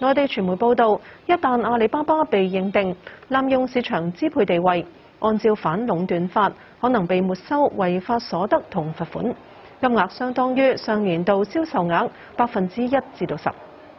內地傳媒報導，一旦阿里巴巴被認定濫用市場支配地位，按照反壟斷法，可能被沒收違法所得同罰款，金額相當於上年度銷售額百分之一至到十。